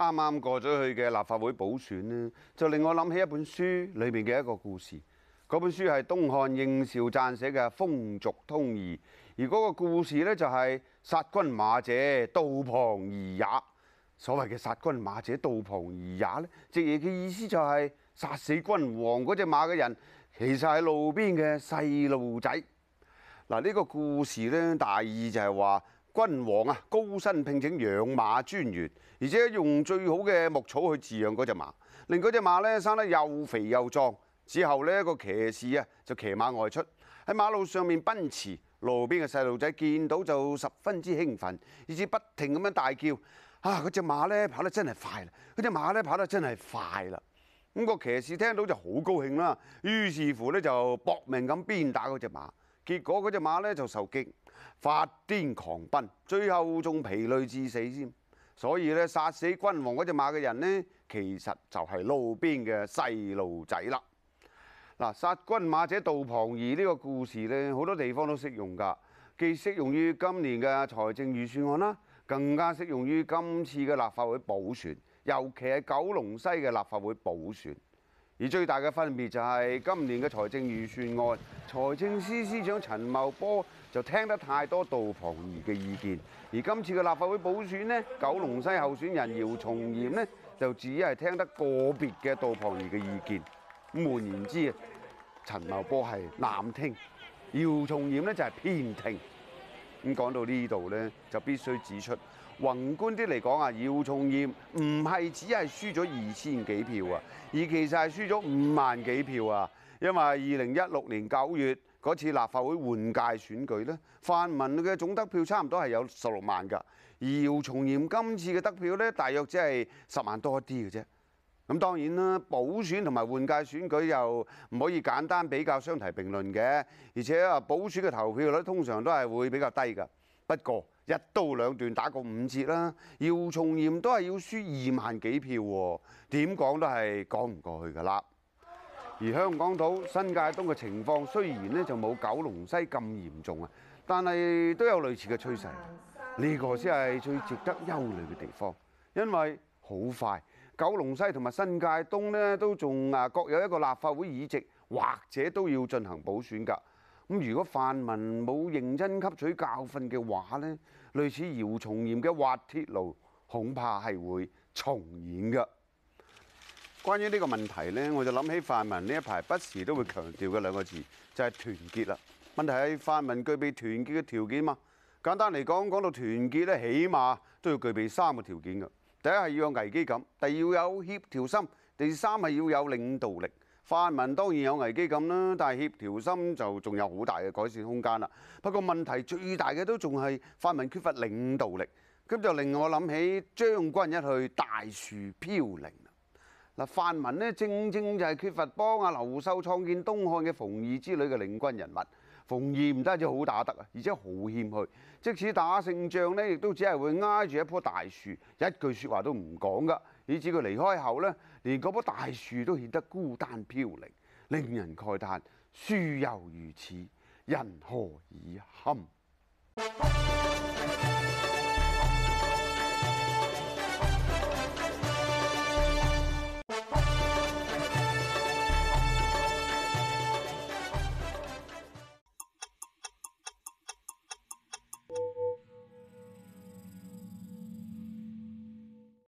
啱啱過咗去嘅立法會補選呢就令我諗起一本書裏面嘅一個故事。嗰本書係東漢應劭撰寫嘅《風俗通義》，而嗰個故事呢、就是，就係殺君馬者，道旁兒也。所謂嘅殺君馬者道旁兒也呢，直嘢嘅意思就係殺死君王嗰隻馬嘅人，其實係路邊嘅細路仔。嗱，呢個故事呢，大意就係話。君王啊，高薪聘請養馬專員，而且用最好嘅牧草去飼養嗰隻馬，令嗰隻馬咧生得又肥又壯。之後呢個騎士啊就騎馬外出，喺馬路上面奔馳，路邊嘅細路仔見到就十分之興奮，以至不停咁樣大叫：啊，嗰隻馬咧跑得真係快啦！嗰隻馬咧跑得真係快啦！咁個騎士聽到就好高興啦，於是乎咧就搏命咁鞭打嗰隻馬。結果嗰隻馬咧就受驚發癲狂奔，最後仲疲累致死先。所以咧殺死君王嗰隻馬嘅人呢，其實就係路邊嘅細路仔啦。嗱，殺君馬者道旁兒呢個故事呢，好多地方都適用噶，既適用於今年嘅財政預算案啦，更加適用於今次嘅立法會補選，尤其係九龍西嘅立法會補選。而最大嘅分別就係今年嘅財政預算案，財政司司長陳茂波就聽得太多杜鵬儀嘅意見，而今次嘅立法會補選呢，九龍西候選人姚松炎呢，就只係聽得個別嘅杜鵬儀嘅意見。換言之，陳茂波係濫聽，姚松炎呢就係偏聽。咁講到呢度咧，就必須指出，宏觀啲嚟講啊，姚松炎唔係只係輸咗二千幾票啊，而其實係輸咗五萬幾票啊，因為二零一六年九月嗰次立法會換屆選舉咧，泛民嘅總得票差唔多係有十六萬㗎，而姚松炎今次嘅得票咧，大約只係十萬多一啲嘅啫。咁當然啦，補選同埋換屆選舉又唔可以簡單比較相提並論嘅，而且啊，補選嘅投票率通常都係會比較低噶。不過一刀兩斷打個五折啦，姚松炎都係要輸二萬幾票喎，點講都係講唔過去㗎啦。而香港島、新界東嘅情況雖然咧就冇九龍西咁嚴重啊，但係都有類似嘅趨勢，呢個先係最值得憂慮嘅地方，因為好快。九龍西同埋新界東咧都仲啊各有一個立法會議席，或者都要進行補選㗎。咁如果泛民冇認真吸取教訓嘅話咧，類似姚松炎嘅滑鐵路，恐怕係會重演嘅。關於呢個問題咧，我就諗起泛民呢一排不時都會強調嘅兩個字，就係團結啦。問題係泛民具備團結嘅條件嘛？簡單嚟講，講到團結咧，起碼都要具備三個條件㗎。第一係要有危機感，第二要有協調心，第三係要有領導力。泛民當然有危機感啦，但係協調心就仲有好大嘅改善空間啦。不過問題最大嘅都仲係泛民缺乏領導力，咁就令我諗起將軍一去，大樹飄零。嗱，泛民咧正正就係缺乏幫阿劉秀創建東漢嘅馮異之類嘅領軍人物。馮唔單止好打得啊，而且好謙虛。即使打勝仗呢，亦都只係會挨住一棵大樹，一句說話都唔講噶。以至佢離開後呢，連嗰棵大樹都顯得孤單飄零，令人慨嘆。樹猶如此，人何以堪？